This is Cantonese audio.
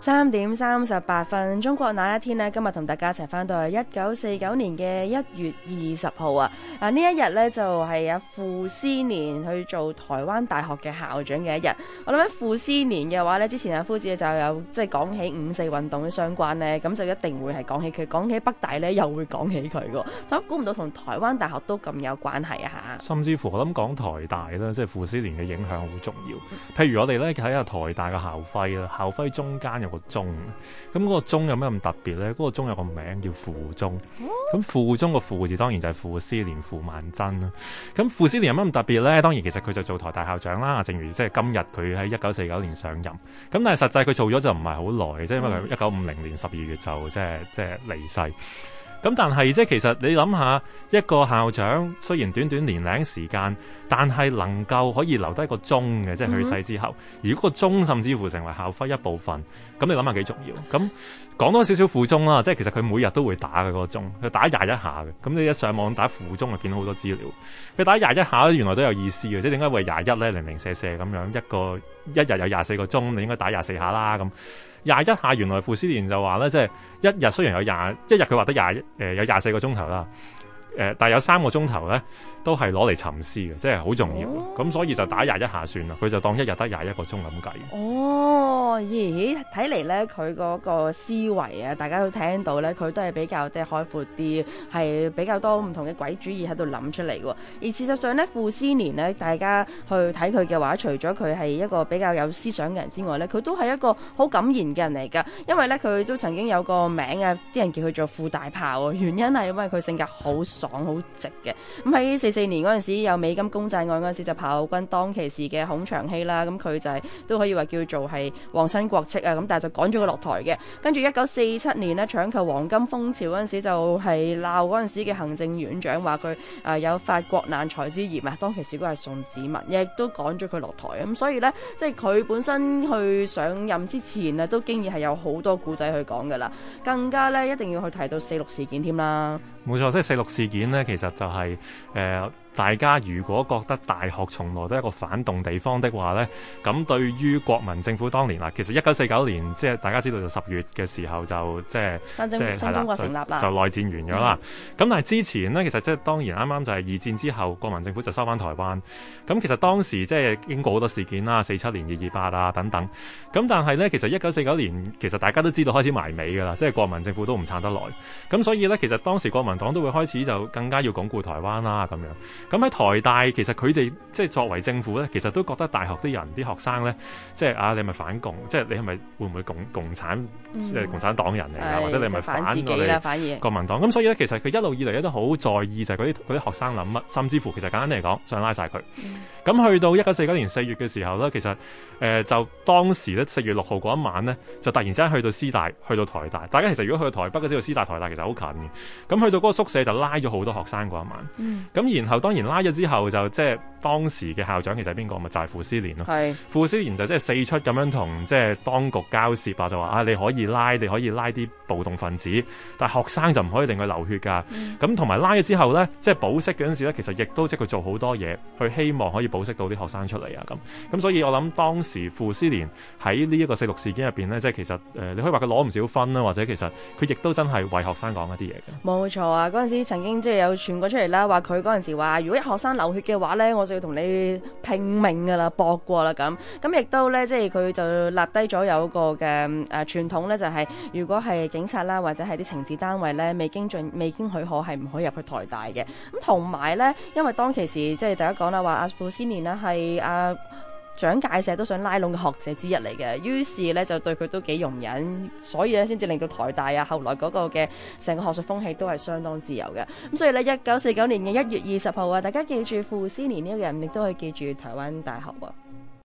三點三十八分，中國那一天呢？今日同大家一齊翻到去一九四九年嘅一月二十號啊！嗱、啊、呢一日呢，就係、是、阿、啊、傅斯年去做台灣大學嘅校長嘅一日。我諗喺傅斯年嘅話呢，之前阿、啊、夫子就有即、就是、講起五四運動嘅相關呢，咁就一定會係講起佢，講起北大呢，又會講起佢嘅、啊。咁估唔到同台灣大學都咁有關係啊嚇！甚至乎我諗講台大啦，即、就、係、是、傅斯年嘅影響好重要。譬如我哋咧喺有台大嘅校徽啊，校徽中間又那個咁嗰、嗰個鐘有咩咁特別咧？嗰個鐘有個名叫傅鐘，咁傅鐘個傅字當然就係傅斯年傅孟真啦。咁傅斯年有乜咁特別咧？當然其實佢就做台大校長啦。正如即係今日佢喺一九四九年上任，咁但係實際佢做咗就唔係好耐，即係因為佢一九五零年十二月就即係即係離世。咁但係即係其實你諗下一個校長雖然短短年零時間，但係能夠可以留低個鐘嘅，即係去世之後。如果個鐘甚至乎成為校徽一部分，咁你諗下幾重要？咁講多少少附中啦，即係其實佢每日都會打嘅、嗰個鐘，佢打廿一下嘅。咁你一上網打附中，就見到好多資料。佢打廿一下，原來都有意思嘅。即係點解為廿一咧？零零舍舍咁樣一個。一日有廿四個鐘，你應該打廿四下啦。咁廿一下，原來傅斯年就話咧，即係一日雖然有廿一日，佢話得廿一，誒，有廿四個鐘頭啦。誒，但係有三個鐘頭咧，都係攞嚟沉思嘅，即係好重要。咁所以就打廿一下算啦，佢就當一日得廿一個鐘咁計。哦。哦、咦睇嚟咧佢嗰個思維啊，大家都聽到咧，佢都係比較即係開闊啲，係比較多唔同嘅鬼主意喺度諗出嚟喎。而事實上呢，傅斯年呢，大家去睇佢嘅話，除咗佢係一個比較有思想嘅人之外咧，佢都係一個好敢言嘅人嚟㗎。因為咧，佢都曾經有個名啊，啲人叫佢做傅大炮，原因係因為佢性格好爽好直嘅。咁喺四四年嗰陣時，有美金公債案嗰陣時，就炮軍當其時嘅孔祥熙啦，咁佢就係、是、都可以話叫做係。皇親國戚啊，咁但係就趕咗佢落台嘅。跟住一九四七年咧，搶購黃金風潮嗰陣時候就係鬧嗰陣時嘅行政院長話佢誒有法國難才之嫌啊。當其時都係宋子文，亦都趕咗佢落台，咁所以呢，即係佢本身去上任之前啊，都經已係有好多故仔去講噶啦。更加呢，一定要去提到四六事件添啦。冇錯，即係四六事件呢，其實就係、是、誒。呃大家如果覺得大學從來都係一個反動地方的話呢，咁對於國民政府當年啦，其實一九四九年即係大家知道就十月嘅時候就即係新中國成立啦，就內戰完咗啦。咁、嗯、但係之前呢，其實即、就、係、是、當然啱啱就係二戰之後，國民政府就收返台灣。咁其實當時即係經過好多事件啦，四七年，二二八啊等等。咁但係呢，其實一九四九年其實大家都知道開始埋尾㗎啦，即、就、係、是、國民政府都唔撐得耐。咁所以呢，其實當時國民黨都會開始就更加要鞏固台灣啦咁樣。咁喺台大，其實佢哋即係作為政府咧，其實都覺得大學啲人、啲學生咧，即係啊，你係咪反共？即係你係咪會唔會共共產？嗯、即係共產黨人嚟㗎、哎？或者你係咪反國黨反你個民黨，咁所以咧，其實佢一路以嚟咧都好在意就係嗰啲嗰啲學生諗乜，甚至乎其實簡單嚟講，想拉晒佢。咁、嗯、去到一九四九年四月嘅時候咧，其實誒、呃、就當時咧四月六號嗰一晚咧，就突然之間去到師大，去到台大，大家其實如果去到台北嘅時候，師大、台大其實好近嘅。咁去到嗰個宿舍就拉咗好多學生嗰一晚。咁、嗯、然後當當然拉咗之後就即係當時嘅校長其實係邊個？咪就係、是、傅斯年咯。係傅斯年就即係四出咁樣同即係當局交涉啊，就話啊你可以拉，你可以拉啲暴動分子，但係學生就唔可以令佢流血㗎。咁同埋拉咗之後咧，即係保釋嗰陣時咧，其實亦都即係佢做好多嘢，佢希望可以保釋到啲學生出嚟啊咁。咁、嗯、所以我諗當時傅斯年喺呢一個四六事件入邊咧，即係其實誒你可以話佢攞唔少分啊，或者其實佢亦都真係為學生講一啲嘢嘅。冇錯啊！嗰陣時曾經即係有傳過出嚟啦，話佢嗰陣時話。如果一學生流血嘅話呢，我就要同你拼命㗎喇，搏過啦咁。咁亦都呢，即係佢就立低咗有一個嘅誒、呃、傳統呢，就係、是、如果係警察啦或者係啲情治單位呢，未經準未經許可係唔可以入去台大嘅。咁同埋呢，因為當其時即係大家講啦，話阿傅斯年呢係阿。呃蔣介石都想拉攏嘅學者之一嚟嘅，於是咧就對佢都幾容忍，所以咧先至令到台大啊，後來嗰個嘅成個學術風氣都係相當自由嘅。咁所以咧，一九四九年嘅一月二十號啊，大家記住傅斯年呢個人，亦都係記住台灣大學，啊。